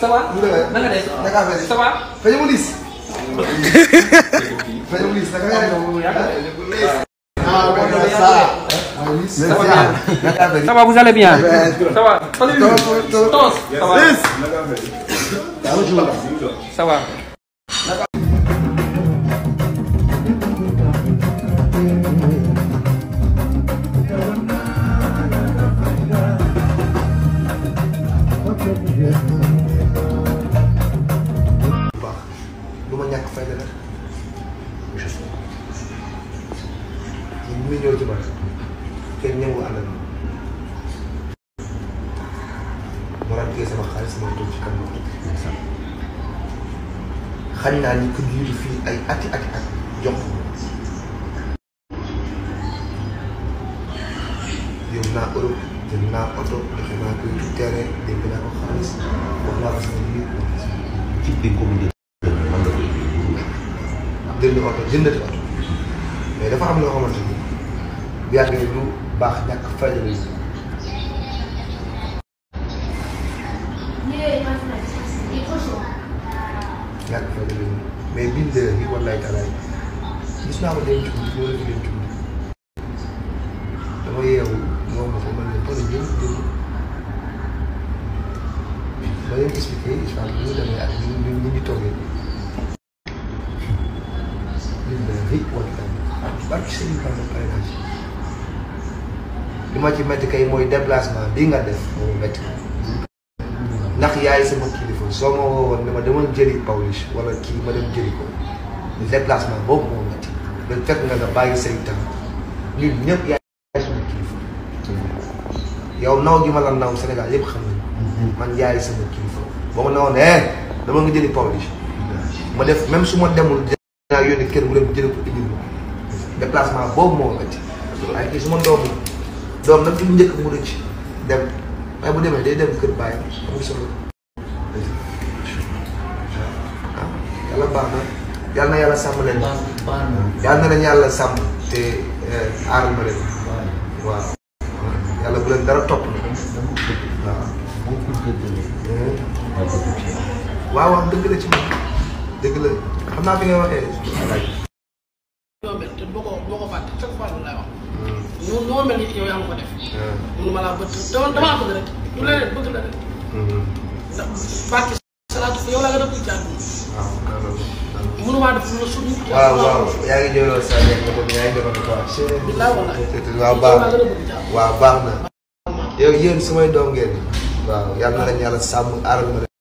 ça va. na nga def ça va. fa yëngu liis. fa yëngu liis naka nga def. ah oui ça va. ça mu ñëw ci man kenn ñëwul ànd na ma ràññee sama xaalis ma toog ci kanam xañ naa ni ko jiitu fii ay ati ati jox yóbbu naa Europe jël naa oto joxe naa ko xaalis wax naa ko jënd oto jëndati oto mais dafa am loo xamante yàgg lu baax ñàkk fayda lay si. ñàkk fayda lay mais bind yi wallaay talaay gis naa ko dem ci guddi wala dem ci guddi dama yeewu ñoom ma ko ma leen pare jël jël ma leen expliqué histoire bi ñu demee ak ñu li ma ci métti kay mooy déplacement bii nga def moo métti ndax yaay sama kilifa soo ma woowoon ne ma demal jëli Pawlish wala kii ma dem jëli ko déplacement boobu moo métti da fekk nga nga ma la naw yëpp xam nañu mm-hmm. man yaay sama eh, dama nga jëli Pawlish ma def même su ma demul dinaa yónni kër mu dem jëli ko indil boobu moo métti su ma doomu doom nag mu njëkk mu rëcc dem waaye bu demee day dem kër bàyyi amul solo. waaw yàlla baax na yàlla na yàlla leen. yàlla na leen yàlla te eh, aaral ma waaw yàlla bu leen dara topp na. Eh. waaw. waaw dëgg la ci man dëgg la xam naa fi ngay waxee. ñoo ñoo mel ni yow yaa ma ko def. Hmm. mënuma laa bëgg dama damaa bëgg rek du leneen bëgg la rek. Hmm. ndax barke salaatu yow la nga def lu jàng. waaw waaw. mënumaa def lu la suñu. waaw waaw yaa ngi jëloon sa nekk nga bëgg yaa ngi defoon quoi. bilaay waaw baax na waaw baax na. yow yéen sumay doom ngeen. waaw yàlla na leen yàlla sàmm aaral ma leen.